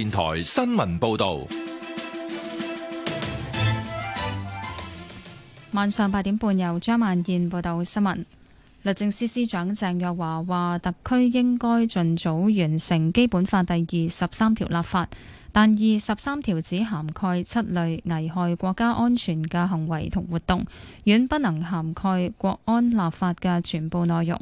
電台新聞報道。晚上八點半，由張萬燕報道新聞。律政司司長鄭若驊話，特區應該盡早完成《基本法》第二十三條立法，但二十三條只涵蓋七類危害國家安全嘅行為同活動，遠不能涵蓋國安立法嘅全部內容。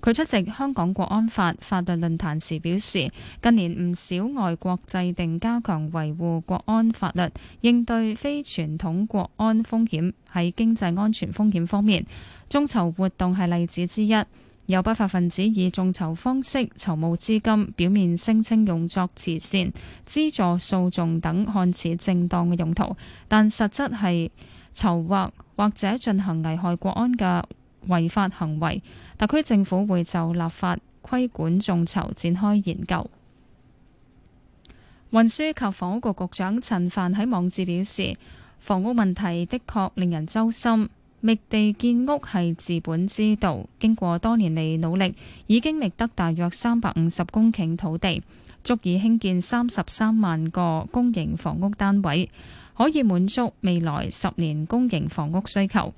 佢出席香港國安法法律論壇時表示，近年唔少外國制定加強維護國安法律，應對非傳統國安風險。喺經濟安全風險方面，眾籌活動係例子之一。有不法分子以眾籌方式籌募資金，表面聲稱用作慈善、資助訴訟等看似正當嘅用途，但實質係籌劃或者進行危害國安嘅違法行為，特區政府會就立法規管眾籌展開研究。運輸及房屋局局長陳帆喺網誌表示，房屋問題的確令人揪心。覓地建屋係治本之道。經過多年嚟努力，已經覓得大約三百五十公頃土地，足以興建三十三萬個公營房屋單位，可以滿足未來十年公營房屋需求。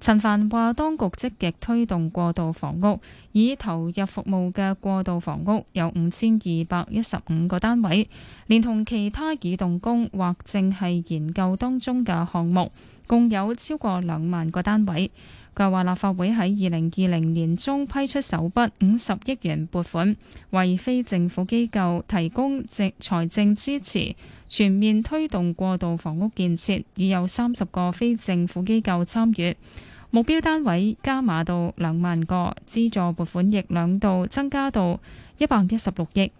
陳帆話，當局積極推動過渡房屋，已投入服務嘅過渡房屋有五千二百一十五個單位，連同其他已動工或正係研究當中嘅項目，共有超過兩萬個單位。計劃立法會喺二零二零年中批出首筆五十億元撥款，為非政府機構提供政財政支持，全面推動過渡房屋建設，已有三十個非政府機構參與，目標單位加碼到兩萬個，資助撥款亦兩度增加到一百一十六億。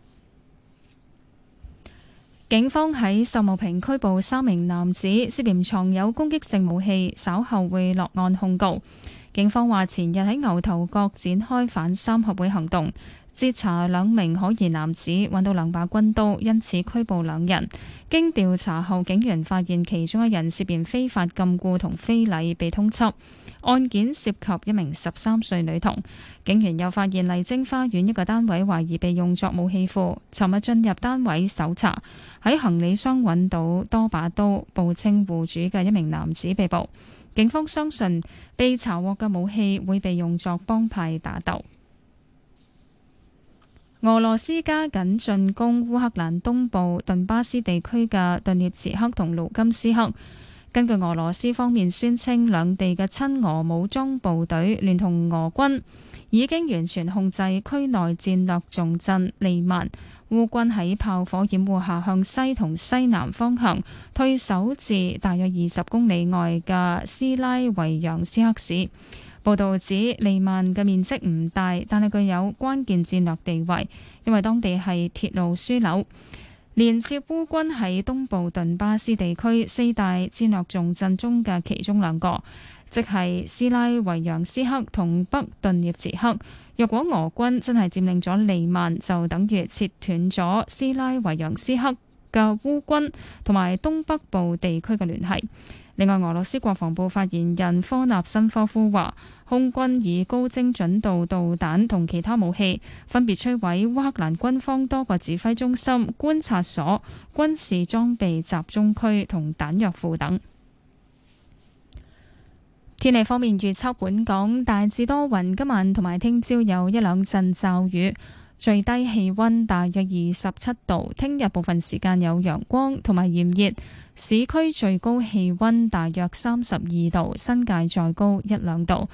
警方喺秀茂坪拘捕三名男子，涉嫌藏有攻擊性武器，稍後會落案控告。警方話：前日喺牛頭角展開反三合會行動，截查兩名可疑男子，搵到兩把軍刀，因此拘捕兩人。經調查後，警員發現其中一人涉嫌非法禁錮同非禮，被通緝。案件涉及一名十三歲女童。警員又發現麗晶花園一個單位懷疑被用作武器庫，尋日進入單位搜查，喺行李箱搵到多把刀，報稱戶主嘅一名男子被捕。警方相信被查獲嘅武器會被用作幫派打鬥。俄羅斯加緊進攻烏克蘭東部頓巴斯地區嘅頓涅茨克同盧甘斯克。根據俄羅斯方面宣稱，兩地嘅親俄武裝部隊聯同俄軍已經完全控制區內戰略重鎮利曼。烏軍喺炮火掩護下向西同西南方向退守至大約二十公里外嘅斯拉維揚斯克市。報道指，利曼嘅面積唔大，但係具有關鍵戰略地位，因為當地係鐵路樞紐，連接烏軍喺東部頓巴斯地區四大戰略重鎮中嘅其中兩個，即係斯拉維揚斯克同北頓涅茨克。若果俄軍真係佔領咗利曼，就等於切斷咗斯拉維揚斯克嘅烏軍同埋東北部地區嘅聯繫。另外，俄羅斯國防部發言人科納申科夫話，空軍以高精準度導彈同其他武器分別摧毀烏，烏克蘭軍方多個指揮中心、觀察所、軍事裝備集中區同彈藥庫等。天氣方面，預測本港大致多雲，今晚同埋聽朝有一兩陣驟雨，最低氣溫大約二十七度。聽日部分時間有陽光同埋炎熱，市區最高氣溫大約三十二度，新界再高一兩度。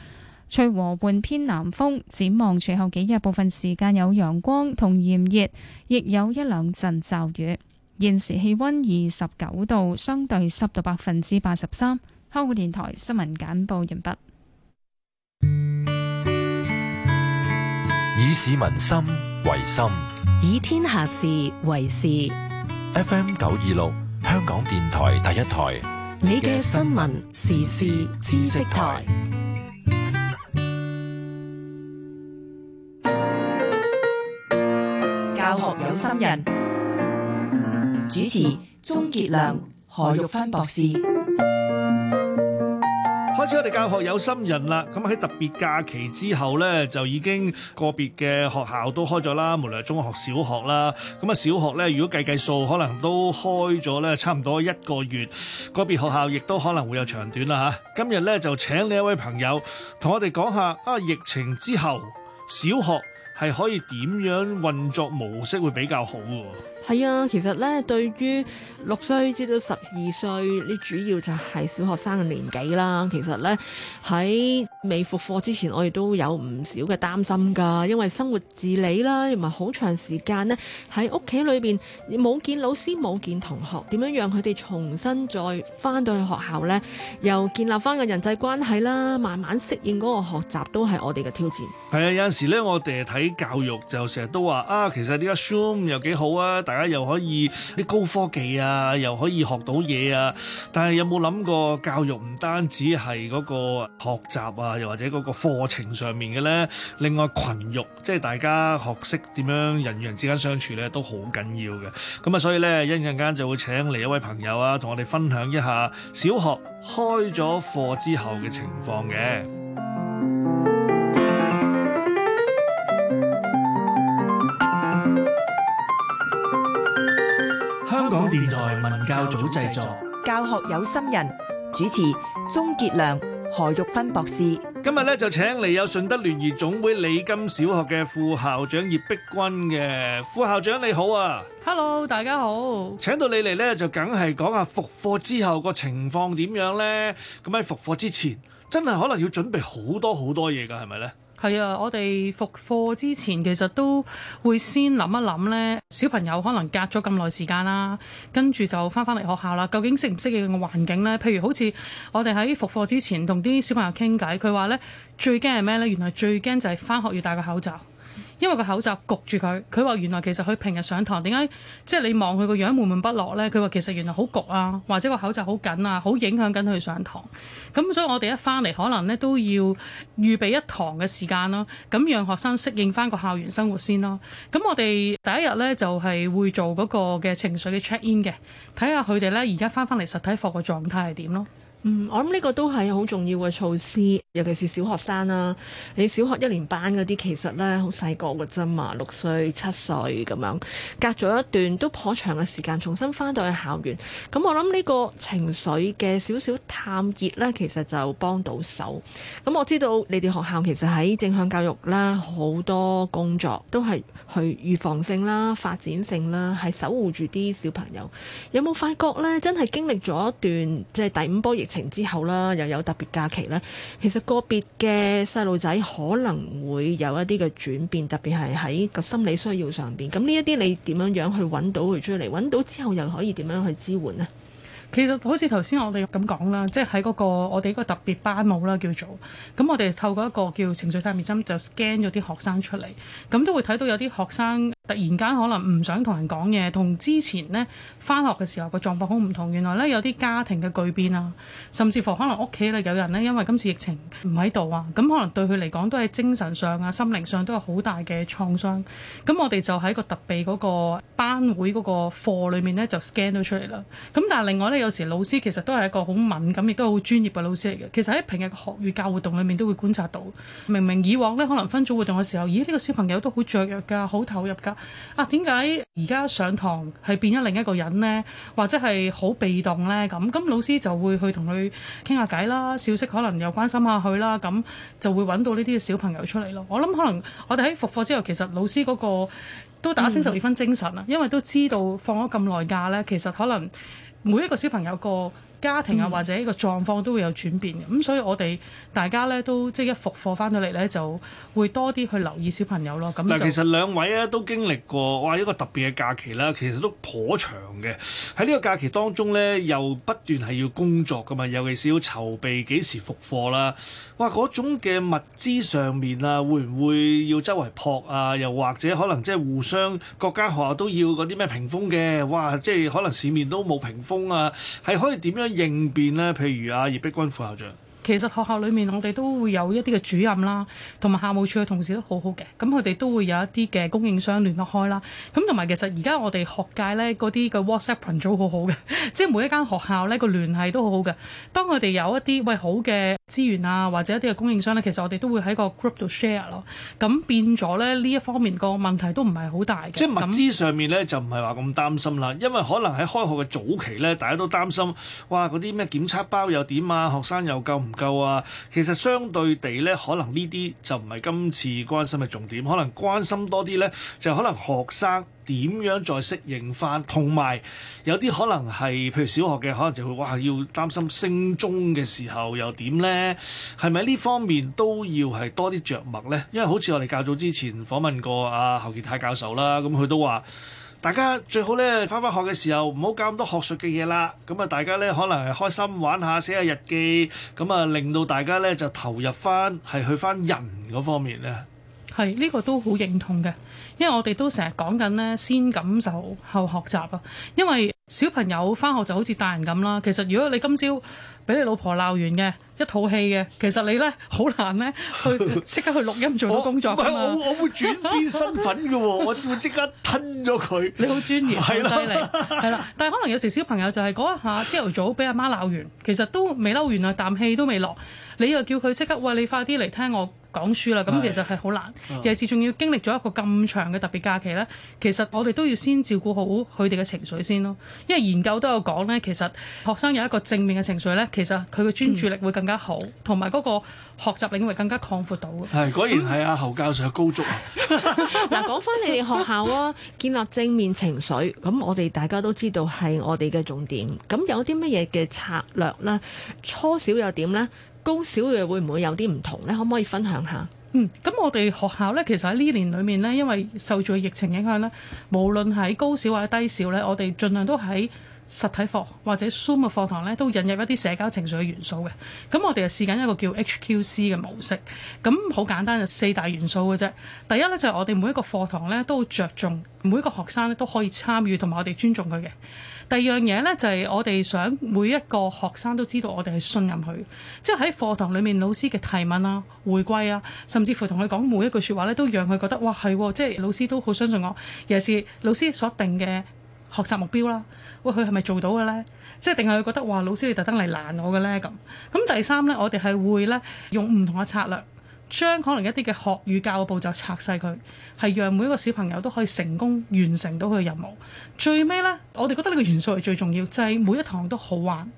吹和緩，緩偏南風，展望隨後幾日部分時間有陽光同炎熱，亦有一兩陣驟雨。現時氣溫二十九度，相對濕度百分之八十三。香港電台新聞簡報完畢。以市民心為心，以天下事為事。F. M. 九二六，香港電台第一台，你嘅新聞時事知識台。教學有心人，嗯、主持鍾傑良、何玉芬博士。我知我哋教學有心人啦，咁喺特別假期之後呢，就已經個別嘅學校都開咗啦，無論係中學、小學啦。咁啊，小學呢，如果計計數，可能都開咗呢差唔多一個月。個別學校亦都可能會有長短啦。吓，今日呢，就請你一位朋友同我哋講下啊，疫情之後小學係可以點樣運作模式會比較好。係啊，其實咧，對於六歲至到十二歲你主要就係小學生嘅年紀啦。其實咧，喺未復課之前，我哋都有唔少嘅擔心㗎，因為生活自理啦，同埋好長時間呢，喺屋企裏邊冇見老師、冇見同學，點樣讓佢哋重新再翻到去學校咧，又建立翻個人際關係啦，慢慢適應嗰個學習都係我哋嘅挑戰。係啊，有陣時咧，我哋睇教育就成日都話啊，其實呢個 Zoom 又幾好啊！啊！又可以啲高科技啊，又可以學到嘢啊。但係有冇諗過教育唔單止係嗰個學習啊，又或者嗰個課程上面嘅呢？另外群育，即係大家學識點樣人與人之間相處呢都好緊要嘅。咁啊，所以呢，一陣間就會請嚟一位朋友啊，同我哋分享一下小學開咗課之後嘅情況嘅。電台文教組製作，教學有心人主持鍾杰良、何玉芬博士。今日咧就請嚟有順德聯誼總會李金小學嘅副校長葉碧君嘅副校長，你好啊，Hello，大家好。請到你嚟咧就梗係講下復課之後個情況點樣咧？咁喺復課之前，真係可能要準備好多好多嘢噶，係咪咧？係啊，我哋復課之前其實都會先諗一諗呢小朋友可能隔咗咁耐時間啦，跟住就翻返嚟學校啦，究竟適唔適應個環境呢？譬如好似我哋喺復課之前同啲小朋友傾偈，佢話呢：「最驚係咩呢？原來最驚就係翻學要戴個口罩。」因為個口罩焗住佢，佢話原來其實佢平日上堂點解即係你望佢個樣悶悶不樂咧？佢話其實原來好焗啊，或者個口罩好緊啊，好影響緊佢上堂。咁所以我哋一翻嚟，可能咧都要預備一堂嘅時間咯，咁讓學生適應翻個校園生活先咯。咁我哋第一日咧就係會做嗰個嘅情緒嘅 check in 嘅，睇下佢哋咧而家翻翻嚟實體課嘅狀態係點咯。嗯，我諗呢個都係好重要嘅措施，尤其是小學生啦、啊。你小學一年班嗰啲其實呢好細個嘅啫嘛，六歲七歲咁樣，隔咗一段都頗長嘅時間，重新翻到去校園。咁、嗯、我諗呢個情緒嘅少少探熱呢，其實就幫到手。咁、嗯、我知道你哋學校其實喺正向教育啦，好多工作都係去預防性啦、發展性啦，係守護住啲小朋友。有冇發覺呢？真係經歷咗一段即係第五波疫情？疫情之後啦，又有特別假期啦。其實個別嘅細路仔可能會有一啲嘅轉變，特別係喺個心理需要上邊。咁呢一啲你點樣樣去揾到佢追嚟？揾到之後又可以點樣去支援呢？其實好似頭先我哋咁講啦，即係喺嗰個我哋個特別班務啦，叫做咁，我哋透過一個叫情緒探面針，就 scan 咗啲學生出嚟，咁都會睇到有啲學生。突然間可能唔想同人講嘢，同之前呢返學嘅時候個狀況好唔同。原來呢，有啲家庭嘅巨變啊，甚至乎可能屋企咧有人呢，因為今次疫情唔喺度啊，咁、嗯、可能對佢嚟講都係精神上啊、心靈上都有好大嘅創傷。咁、嗯、我哋就喺個特備嗰個班會嗰個課裏面呢，就 scan 咗出嚟啦。咁、嗯、但係另外呢，有時老師其實都係一個好敏感亦都好專業嘅老師嚟嘅。其實喺平日學與教活動裏面都會觀察到，明明以往呢，可能分組活動嘅時候，咦呢、這個小朋友都好雀躍㗎，好投入㗎。啊，點解而家上堂係變咗另一個人呢？或者係好被動呢？咁咁老師就會去同佢傾下偈啦，小息可能又關心下佢啦，咁就會揾到呢啲小朋友出嚟咯。我諗可能我哋喺復課之後，其實老師嗰個都打醒十二分精神啊，嗯、因為都知道放咗咁耐假呢，其實可能每一個小朋友個家庭啊，或者呢個狀況都會有轉變嘅，咁、嗯、所以我哋大家咧都即係一復課翻到嚟咧，就會多啲去留意小朋友咯。咁就其實兩位咧、啊、都經歷過哇一個特別嘅假期啦，其實都頗長嘅。喺呢個假期當中咧，又不斷係要工作噶嘛，尤其是要籌備幾時復課啦。哇，嗰種嘅物資上面啊，會唔會要周圍撲啊？又或者可能即係互相各間學校都要嗰啲咩屏風嘅？哇，即係可能市面都冇屏風啊，係可以點樣應變咧，譬如啊，葉碧君副校長。其實學校裏面我哋都會有一啲嘅主任啦，同埋校務處嘅同事都好好嘅。咁佢哋都會有一啲嘅供應商聯絡開啦。咁同埋其實而家我哋學界呢嗰啲嘅 WhatsApp 群組好好嘅，即係每一間學校呢個聯繫都好好嘅。當佢哋有一啲喂好嘅資源啊，或者一啲嘅供應商呢，其實我哋都會喺個 group 度 share 咯。咁變咗呢呢一方面個問題都唔係好大嘅。即係物資上面呢那就唔係話咁擔心啦，因為可能喺開學嘅早期呢，大家都擔心哇嗰啲咩檢測包又點啊，學生又夠唔？夠啊！其實相對地呢，可能呢啲就唔係今次關心嘅重點，可能關心多啲呢，就是、可能學生點樣再適應翻，同埋有啲可能係，譬如小學嘅，可能就會哇要擔心升中嘅時候又點呢？係咪呢方面都要係多啲着墨呢？因為好似我哋較早之前訪問過阿、啊、侯傑泰教授啦，咁佢都話。大家最好咧翻返學嘅時候唔好搞咁多學術嘅嘢啦，咁啊大家咧可能係開心玩下、寫下日記，咁啊令到大家咧就投入翻，係去翻人嗰方面咧。係，呢個都好認同嘅。因為我哋都成日講緊咧，先感受後學習啊。因為小朋友翻學就好似大人咁啦。其實如果你今朝俾你老婆鬧完嘅一套戲嘅，其實你咧好難咧去即刻去錄音做到工作㗎嘛 唔係，我我，我會轉變身份嘅喎， 我會即刻吞咗佢。你好專業，好犀利，係啦。 但係可能有時小朋友就係嗰一下朝頭早俾阿媽鬧完，其實都未嬲完啊，啖氣都未落，你又叫佢即刻喂，你快啲嚟聽我。講書啦，咁其實係好難，的尤其是仲要經歷咗一個咁長嘅特別假期呢，其實我哋都要先照顧好佢哋嘅情緒先咯。因為研究都有講呢，其實學生有一個正面嘅情緒呢，其實佢嘅專注力會更加好，同埋嗰個學習領域會更加擴闊到。果然係阿侯教授嘅高足啊。嗱，講翻你哋學校啊，建立正面情緒，咁我哋大家都知道係我哋嘅重點。咁有啲乜嘢嘅策略呢？初小又點呢？高小嘅會唔會有啲唔同呢？可唔可以分享下？嗯，咁我哋學校呢，其實喺呢年裏面呢，因為受住疫情影響呢，無論係高小或者低小呢，我哋盡量都喺實體課或者 Zoom 嘅課堂咧，都引入一啲社交情緒嘅元素嘅。咁我哋就試緊一個叫 HQC 嘅模式。咁好簡單，就四大元素嘅啫。第一咧就係我哋每一個課堂咧都着重每一個學生咧都可以參與，同埋我哋尊重佢嘅。第二樣嘢咧就係我哋想每一個學生都知道我哋係信任佢，即係喺課堂裡面老師嘅提問啦、回歸啊，甚至乎同佢講每一句説話咧，都讓佢覺得哇係即係老師都好相信我，尤其是老師所定嘅學習目標啦。喂，佢係咪做到嘅呢？即係定係佢覺得：「哇，老師你特登嚟難我嘅呢！」咁？咁第三呢，我哋係會呢，用唔同嘅策略，將可能一啲嘅學與教嘅步驟拆細佢，係讓每一個小朋友都可以成功完成到佢嘅任務。最尾呢，我哋覺得呢個元素係最重要，就係、是、每一堂都好玩。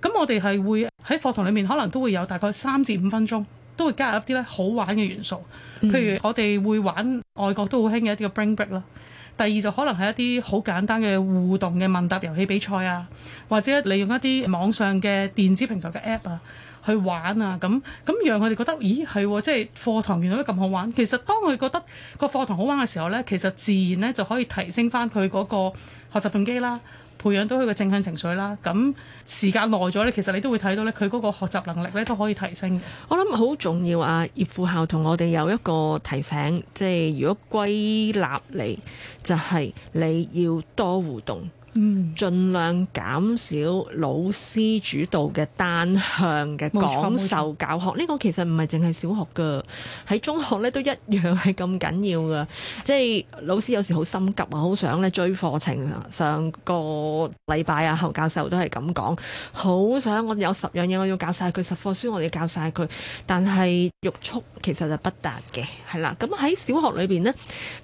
咁我哋係會喺課堂裡面可能都會有大概三至五分鐘，都會加入一啲咧好玩嘅元素。嗯、譬如我哋會玩外國都好興嘅一啲嘅 brain break 啦。第二就可能係一啲好簡單嘅互動嘅問答遊戲比賽啊，或者利用一啲網上嘅電子平台嘅 app 啊。去玩啊！咁咁，讓佢哋覺得，咦係喎，即係課，課堂原來都咁好玩。其實當佢覺得個課，課堂好玩嘅時候呢，其實自然呢就可以提升翻佢嗰個學習動機啦，培養到佢嘅正向情緒啦。咁時間耐咗呢，其實你都會睇到呢，佢嗰個學習能力呢都可以提升。我諗好重要啊！葉副校同我哋有一個提醒，即係如果歸納嚟就係你要多互動。嗯，儘量減少老師主導嘅單向嘅講授教學，呢個其實唔係淨係小學噶，喺中學咧都一樣係咁緊要噶。即係老師有時好心急啊，好想咧追課程。上個禮拜啊，侯教授都係咁講，好想我哋有十樣嘢，我要教晒佢十課書，我哋要教晒佢。但係欲速其實就不達嘅，係啦。咁喺小學裏邊呢，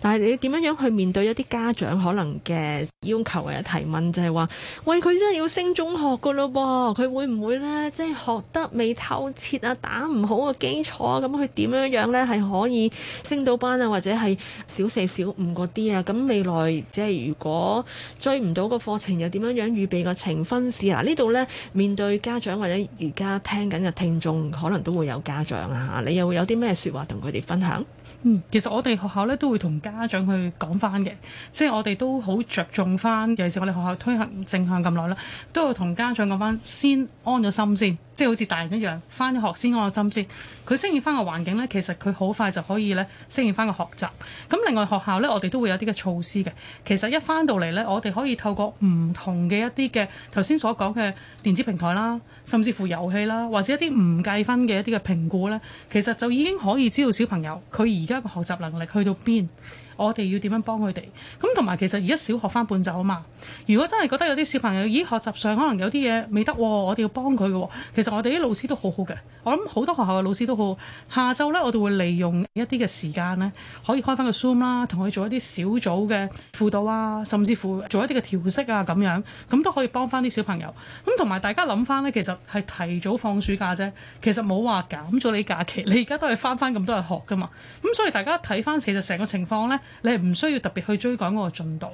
但係你點樣樣去面對一啲家長可能嘅要求嘅一提？問就係話，喂佢真係要升中學噶咯噃，佢會唔會呢？即係學得未透徹啊，打唔好個基礎啊，咁佢點樣樣呢？係可以升到班啊？或者係小四小五嗰啲啊？咁未來即係如果追唔到個課程，又點樣樣預備個呈分試啊？嗱呢度呢，面對家長或者而家聽緊嘅聽眾，可能都會有家長啊，你又有啲咩說話同佢哋分享？嗯，其實我哋學校咧都會同家長去講翻嘅，即係我哋都好着重翻，尤其是我哋學校推行正向咁耐啦，都會同家長講翻先安咗心先。即係好似大人一樣，翻咗學先安心先。佢適應翻個環境呢，其實佢好快就可以呢適應翻個學習。咁另外學校呢，我哋都會有啲嘅措施嘅。其實一翻到嚟呢，我哋可以透過唔同嘅一啲嘅頭先所講嘅電子平台啦，甚至乎遊戲啦，或者一啲唔計分嘅一啲嘅評估呢，其實就已經可以知道小朋友佢而家嘅學習能力去到邊。我哋要點樣幫佢哋？咁同埋其實而家小學翻半晝啊嘛！如果真係覺得有啲小朋友，咦，學習上可能有啲嘢未得，我哋要幫佢嘅。其實我哋啲老師都好好嘅，我諗好多學校嘅老師都好好。下晝咧，我哋會利用一啲嘅時間咧，可以開翻個 Zoom 啦，同佢做一啲小組嘅輔導啊，甚至乎做一啲嘅調適啊咁樣，咁都可以幫翻啲小朋友。咁同埋大家諗翻咧，其實係提早放暑假啫，其實冇話減咗你假期，你而家都係翻翻咁多日學噶嘛。咁所以大家睇翻其實成個情況咧。你係唔需要特別去追趕嗰個進度，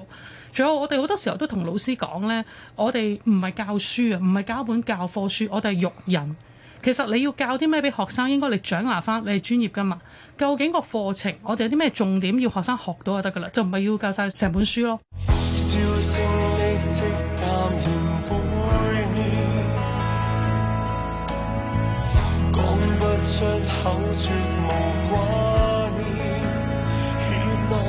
仲有我哋好多時候都同老師講咧，我哋唔係教書啊，唔係教一本教科書，我哋係育人。其實你要教啲咩俾學生，應該你掌握翻，你係專業㗎嘛。究竟個課程，我哋有啲咩重點要學生學到就得㗎啦，就唔係要教晒成本書咯。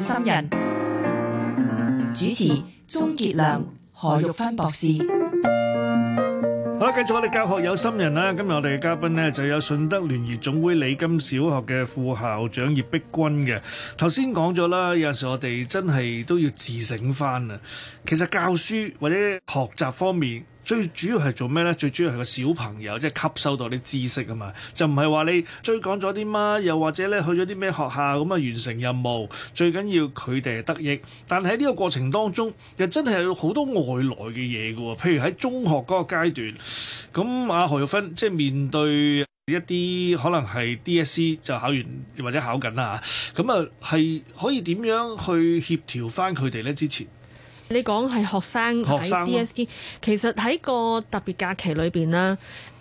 心人主持鍾杰亮、何玉芬博士。好啦，繼續我哋教學有心人啦。今日我哋嘅嘉賓呢，就有順德聯誼總會李金小學嘅副校長葉碧君嘅。頭先講咗啦，有時我哋真係都要自省返啊。其實教書或者學習方面。最主要係做咩呢？最主要係個小朋友即係、就是、吸收到啲知識啊嘛，就唔係話你追趕咗啲乜，又或者呢去咗啲咩學校咁啊完成任務。最緊要佢哋得益，但喺呢個過程當中，又真係有好多外來嘅嘢噶喎。譬如喺中學嗰個階段，咁阿何玉芬即係面對一啲可能係 DSE 就考完或者考緊啦嚇，咁啊係可以點樣去協調返佢哋呢？之前。你講係學生喺 DSE，啊、其實喺個特別假期裏邊呢，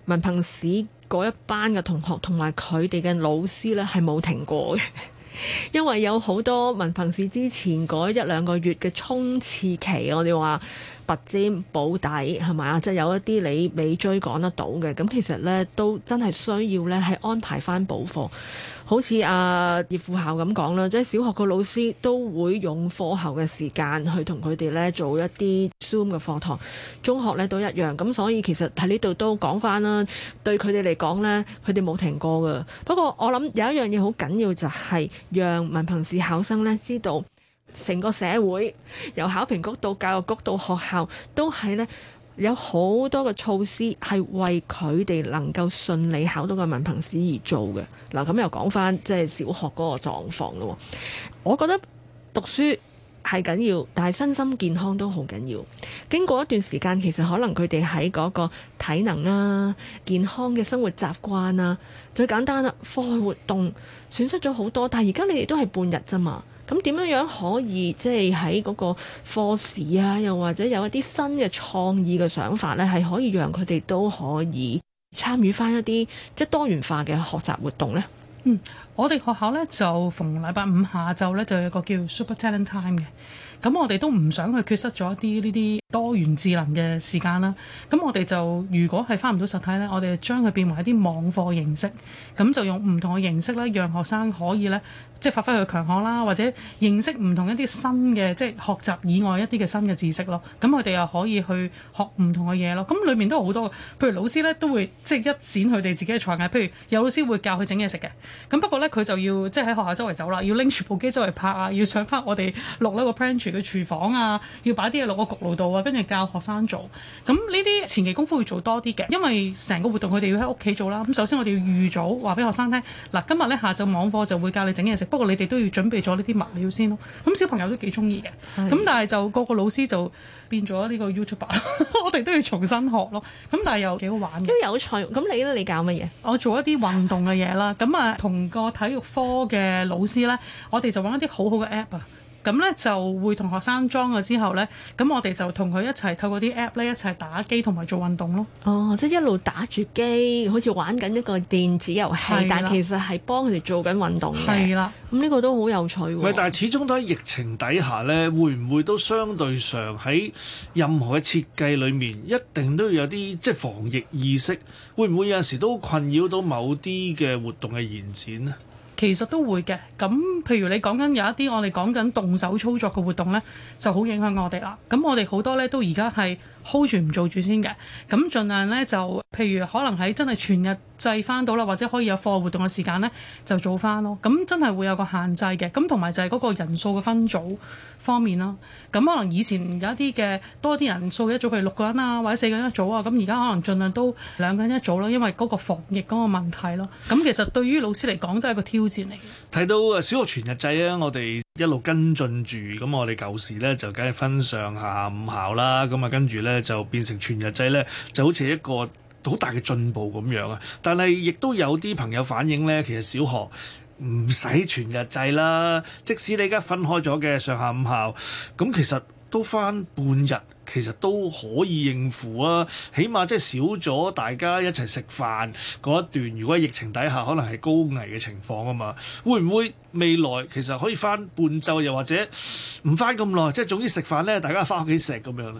文憑試嗰一班嘅同學同埋佢哋嘅老師呢係冇停過嘅， 因為有好多文憑試之前嗰一兩個月嘅衝刺期，我哋話。拔尖補底係咪啊？即係、就是、有一啲你未追趕得到嘅，咁其實呢，都真係需要呢，係安排翻補課。好似阿葉副校咁講啦，即係小學個老師都會用課後嘅時間去同佢哋呢做一啲 Zoom 嘅課堂，中學呢都一樣。咁所以其實喺呢度都講翻啦，對佢哋嚟講呢，佢哋冇停過㗎。不過我諗有一樣嘢好緊要，就係讓文憑試考生呢知道。成個社會由考評局到教育局到學校，都係呢，有好多嘅措施係為佢哋能夠順利考到個文憑試而做嘅。嗱，咁又講翻即係小學嗰個狀況咯。我覺得讀書係緊要，但係身心健康都好緊要。經過一段時間，其實可能佢哋喺嗰個體能啊、健康嘅生活習慣啊，最簡單啦，課外活動損失咗好多。但係而家你哋都係半日咋嘛。咁點樣樣可以即係喺嗰個課時啊，又或者有一啲新嘅創意嘅想法呢，係可以讓佢哋都可以參與翻一啲即係多元化嘅學習活動呢？嗯，我哋學校呢，就逢禮拜五下晝呢，就有個叫 Super Talent Time 嘅。咁我哋都唔想去缺失咗一啲呢啲多元智能嘅時間啦。咁我哋就如果係翻唔到實體咧，我哋將佢變為一啲網課形式，咁就用唔同嘅形式咧，讓學生可以咧，即係發揮佢嘅強項啦，或者認識唔同一啲新嘅，即係學習以外一啲嘅新嘅知識咯。咁佢哋又可以去學唔同嘅嘢咯。咁裏面都有好多，譬如老師咧都會即係一展佢哋自己嘅才藝，譬如有老師會教佢整嘢食嘅。咁不過咧，佢就要即係喺學校周圍走啦，要拎住部機周圍拍啊，要上翻我哋錄呢個。佢廚房啊，要擺啲嘢落個焗爐度啊，跟住教學生做。咁呢啲前期功夫會做多啲嘅，因為成個活動佢哋要喺屋企做啦。咁首先我哋要預早話俾學生聽，嗱，今日咧下晝網課就會教你整嘢食，不過你哋都要準備咗呢啲物料先咯。咁小朋友都幾中意嘅，咁的但係就個個老師就變咗呢個 YouTuber， 我哋都要重新學咯。咁但係又幾好玩嘅。都有趣。咁你咧，你教乜嘢？我做一啲運動嘅嘢啦。咁啊，同個體育科嘅老師咧，我哋就搵一啲好好嘅 app 啊。咁呢就會同學生裝咗之後呢，咁我哋就同佢一齊透過啲 app 呢，一齊打機同埋做運動咯。哦，即係一路打住機，好似玩緊一個電子遊戲，的但其實係幫佢哋做緊運動嘅。係啦的，咁呢個都好有趣喎。但係始終都喺疫情底下呢，會唔會都相對上喺任何嘅設計裡面，一定都要有啲即係防疫意識？會唔會有陣時都困擾到某啲嘅活動嘅延展呢？其實都會嘅。咁，譬如你講緊有一啲我哋講緊動手操作嘅活動呢，就好影響我哋啦。咁我哋好多呢都而家係。hold 住唔做住先嘅，咁盡量呢，就，譬如可能喺真係全日制返到啦，或者可以有課外活動嘅時間呢，就做返咯。咁真係會有個限制嘅，咁同埋就係嗰個人數嘅分組方面啦。咁可能以前有一啲嘅多啲人數一組，譬如六個人啊，或者四個人一組啊，咁而家可能盡量都兩個人一組咯，因為嗰個防疫嗰個問題咯。咁其實對於老師嚟講都係一個挑戰嚟嘅。睇到小學全日制啊，我哋。一路跟進住，咁我哋舊時呢就梗係分上下午校啦，咁啊跟住呢，就變成全日制呢，就好似一個好大嘅進步咁樣啊！但係亦都有啲朋友反映呢，其實小學唔使全日制啦，即使你而家分開咗嘅上下午校，咁其實都返半日。其實都可以應付啊，起碼即係少咗大家一齊食飯嗰一段。如果喺疫情底下，可能係高危嘅情況啊嘛，會唔會未來其實可以翻半晝，又或者唔翻咁耐，即係總之食飯咧，大家翻屋企食咁樣咧？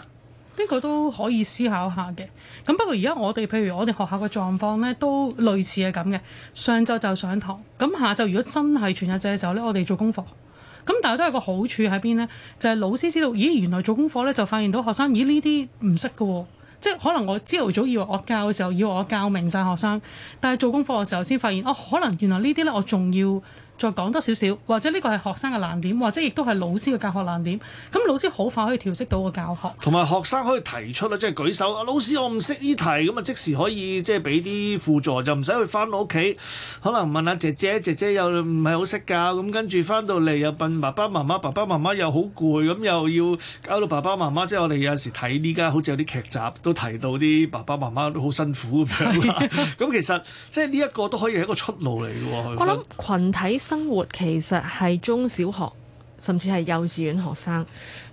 呢個都可以思考下嘅。咁不過而家我哋，譬如我哋學校嘅狀況咧，都類似係咁嘅。上晝就上堂，咁下晝如果真係全日制嘅時候咧，我哋做功課。咁但係都係個好處喺邊呢？就係、是、老師知道，咦，原來做功課咧就發現到學生，咦，呢啲唔識㗎喎，即係可能我朝頭早以為我教嘅時候，以為我教明晒學生，但係做功課嘅時候先發現，哦，可能原來呢啲咧，我仲要。再講多少少，或者呢個係學生嘅難點，或者亦都係老師嘅教學難點。咁老師好快可以調適到個教學，同埋學生可以提出啦，即係舉手。啊、老師，我唔識呢題，咁啊即時可以即係俾啲輔助，就唔使去翻到屋企，可能問下姐姐，姐姐又唔係好識㗎。咁跟住翻到嚟又問爸爸媽媽，爸爸媽媽又好攰，咁又要搞到爸爸媽媽。即係我哋有時睇呢家好似有啲劇集都提到啲爸爸媽媽都好辛苦咁樣。咁 其實即係呢一個都可以係一個出路嚟㗎。 我諗群體。生活其實係中小學，甚至係幼稚園學生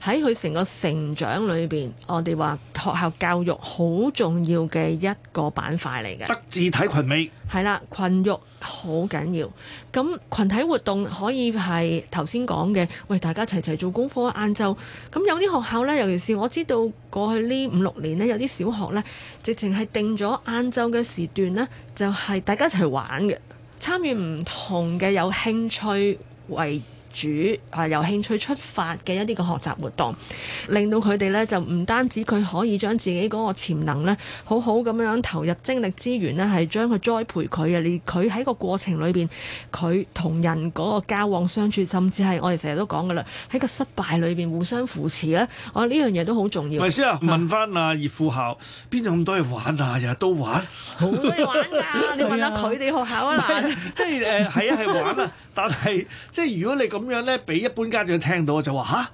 喺佢成個成長裏邊，我哋話學校教育好重要嘅一個板塊嚟嘅。德智體群美係啦，羣育好緊要。咁群體活動可以係頭先講嘅，喂，大家齊齊做功課晏晝。咁有啲學校呢，尤其是我知道過去呢五六年呢，有啲小學呢，直情係定咗晏晝嘅時段呢，就係大家一齊玩嘅。參與唔同嘅有興趣為。主啊，由興趣出發嘅一啲嘅學習活動，令到佢哋咧就唔單止佢可以將自己嗰個潛能咧，好好咁樣投入精力資源咧，係將佢栽培佢啊。連佢喺個過程裏邊，佢同人嗰個交往相處，甚至係我哋成日都講嘅啦，喺個失敗裏邊互相扶持咧，我、啊、呢樣嘢都好重要。唔啊，問翻啊，葉副校邊度咁多嘢玩啊？日日都玩，好 多嘢玩㗎、啊。你問下佢哋學校啊嗱 ，即係誒係啊係玩啊，但係即係如果你咁。咁樣咧，俾一般家長聽到就話嚇，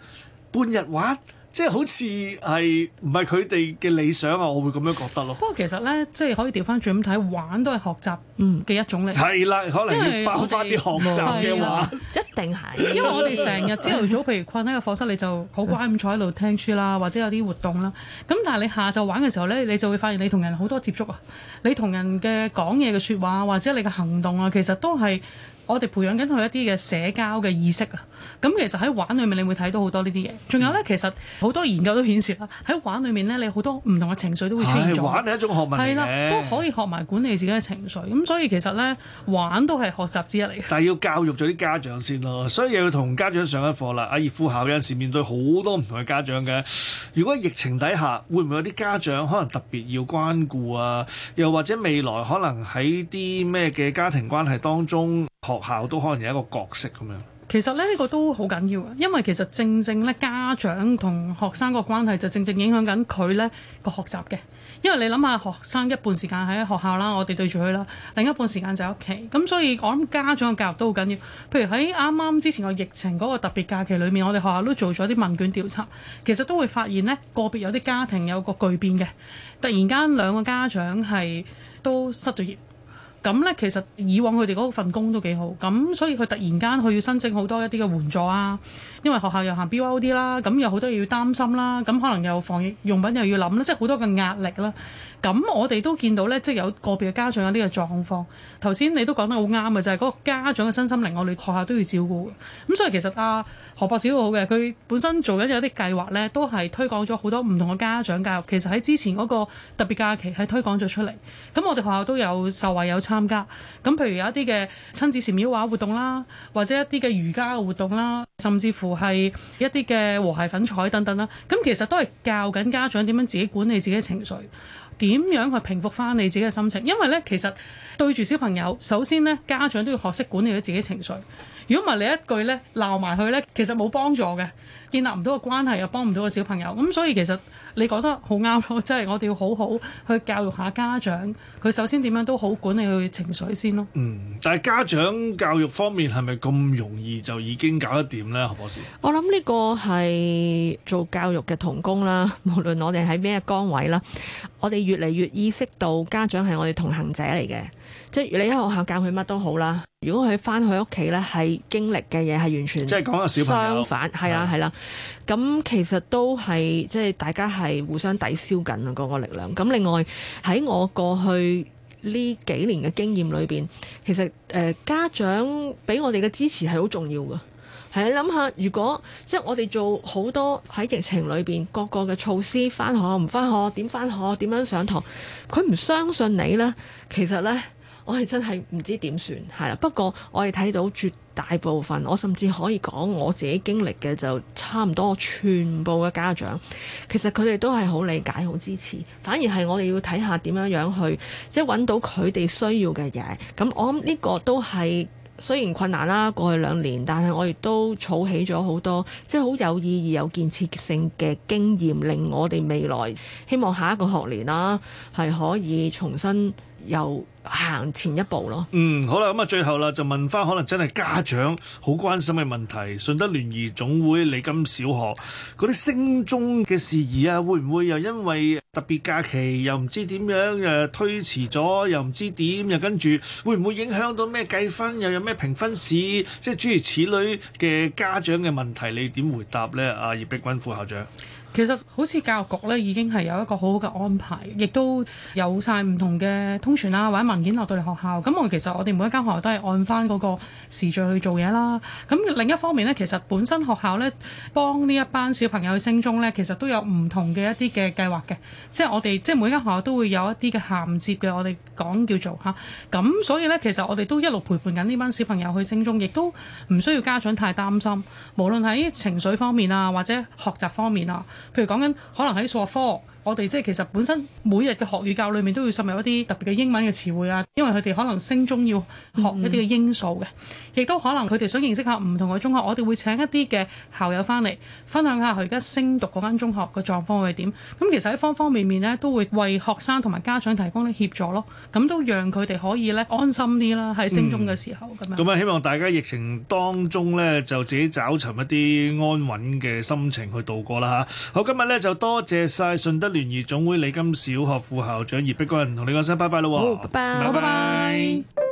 半日玩，即係好似係唔係佢哋嘅理想啊？我會咁樣覺得咯。不過其實咧，即係可以調翻轉咁睇，玩都係學習嘅一種嚟。係啦，可能要包翻啲學習嘅話、啊，一定係。 因為我哋成日朝頭早，譬如困喺個課室，你就好乖咁坐喺度聽書啦，或者有啲活動啦。咁但係你下晝玩嘅時候咧，你就會發現你同人好多接觸啊。你同人嘅講嘢嘅説話，或者你嘅行動啊，其實都係。我哋培養緊佢一啲嘅社交嘅意識啊！咁其實喺玩裏面，你會睇到好多呢啲嘢。仲有咧，其實好多研究都顯示啦，喺玩裏面咧，你好多唔同嘅情緒都會出現的。玩係一種學問嚟嘅，都可以學埋管理自己嘅情緒。咁所以其實咧，玩都係學習之一嚟。但係要教育咗啲家長先咯，所以又要同家長上一課啦。阿、啊、葉副校有陣時面對好多唔同嘅家長嘅。如果疫情底下，會唔會有啲家長可能特別要關顧啊？又或者未來可能喺啲咩嘅家庭關係當中？學校都可能有一個角色咁樣，其實咧呢，這個都好緊要啊，因為其實正正咧家長同學生個關係就正正影響緊佢咧個學習嘅。因為你諗下，學生一半時間喺學校啦，我哋對住佢啦，另一半時間就喺屋企，咁所以我諗家長嘅教育都好緊要。譬如喺啱啱之前個疫情嗰個特別假期裏面，我哋學校都做咗啲問卷調查，其實都會發現呢個別有啲家庭有個巨變嘅，突然間兩個家長係都失咗業。咁咧，其實以往佢哋嗰份工都幾好，咁所以佢突然間佢要申請好多一啲嘅援助啊，因為學校又行 BOD 啦，咁有好多嘢要擔心啦，咁可能又防疫用品又要諗咧，即係好多嘅壓力啦。咁我哋都見到咧，即係有個別嘅家長有呢個狀況。頭先你都講得好啱嘅就係嗰個家長嘅身心靈，我哋學校都要照顧。咁所以其實啊。何博士都好嘅，佢本身做咗有啲計劃咧，都係推廣咗好多唔同嘅家長教育。其實喺之前嗰個特別假期係推廣咗出嚟，咁我哋學校都有受惠有參加。咁譬如有一啲嘅親子禪繞畫活動啦，或者一啲嘅瑜伽嘅活動啦，甚至乎係一啲嘅和諧粉彩等等啦。咁其實都係教緊家長點樣自己管理自己情緒，點樣去平復翻你自己嘅心情。因為咧，其實對住小朋友，首先呢，家長都要學識管理咗自己情緒。如果唔係你一句咧鬧埋去，咧，其實冇幫助嘅，建立唔到個關係又幫唔到個小朋友，咁所以其實你講得好啱咯，即係我哋要好好去教育下家長，佢首先點樣都好管理佢情緒先咯。嗯，但係家長教育方面係咪咁容易就已經搞得掂咧？何博士，我諗呢個係做教育嘅同工啦，無論我哋喺咩崗位啦，我哋越嚟越意識到家長係我哋同行者嚟嘅。即係你喺學校教佢乜都好啦，如果佢翻去屋企咧，係經歷嘅嘢係完全即係講下小朋友相反，係啦係啦，咁的其實都係即係大家係互相抵消緊嗰個力量。咁另外喺我過去呢幾年嘅經驗裏邊，其實誒、呃、家長俾我哋嘅支持係好重要噶係你諗下，如果即係、就是、我哋做好多喺疫情裏邊各個嘅措施，翻學唔翻學，點翻學，點樣上堂，佢唔相信你咧，其實咧。我係真係唔知點算，係啦。不過我哋睇到絕大部分，我甚至可以講我自己經歷嘅就差唔多全部嘅家長，其實佢哋都係好理解、好支持。反而係我哋要睇下點樣樣去，即係揾到佢哋需要嘅嘢。咁我諗呢個都係雖然困難啦，過去兩年，但係我亦都儲起咗好多，即係好有意義、有建設性嘅經驗，令我哋未來希望下一個學年啦，係可以重新。又行前一步咯。嗯，好啦，咁啊，最後啦，就問翻可能真係家長好關心嘅問題，順德聯誼總會李金小學嗰啲升中嘅事宜啊，會唔會又因為特別假期又唔知點樣誒推遲咗，又唔知點，又跟住會唔會影響到咩計分，又有咩評分試，即係諸如此類嘅家長嘅問題，你點回答呢？啊，葉碧君副校長。其實好似教育局咧，已經係有一個好好嘅安排，亦都有晒唔同嘅通傳啦、啊，或者文件落到嚟學校。咁、嗯、我其實我哋每一間學校都係按翻嗰個時序去做嘢啦。咁、嗯、另一方面呢，其實本身學校咧幫呢幫一班小朋友去升中呢，其實都有唔同嘅一啲嘅計劃嘅。即係我哋即係每間學校都會有一啲嘅銜接嘅。我哋講叫做嚇。咁、啊嗯、所以呢，其實我哋都一路陪伴緊呢班小朋友去升中，亦都唔需要家長太擔心，無論喺情緒方面啊，或者學習方面啊。譬如講緊，可能喺數學科。我哋即係其實本身每日嘅學語教裏面都要滲入一啲特別嘅英文嘅詞彙啊，因為佢哋可能升中要學一啲嘅英數嘅，亦都可能佢哋想認識下唔同嘅中學，我哋會請一啲嘅校友翻嚟分享下佢而家升讀嗰間中學嘅狀況會點，咁其實喺方方面面咧，都會為學生同埋家長提供啲協助咯，咁都讓佢哋可以咧安心啲啦，喺升中嘅時候咁、嗯、樣咁啊、嗯，希望大家疫情當中咧，就自己找尋一啲安穩嘅心情去度過啦吓，好，今日咧就多謝晒順德聯誼總會李金小學副校長葉碧君同你講聲拜拜咯。拜拜好，拜拜。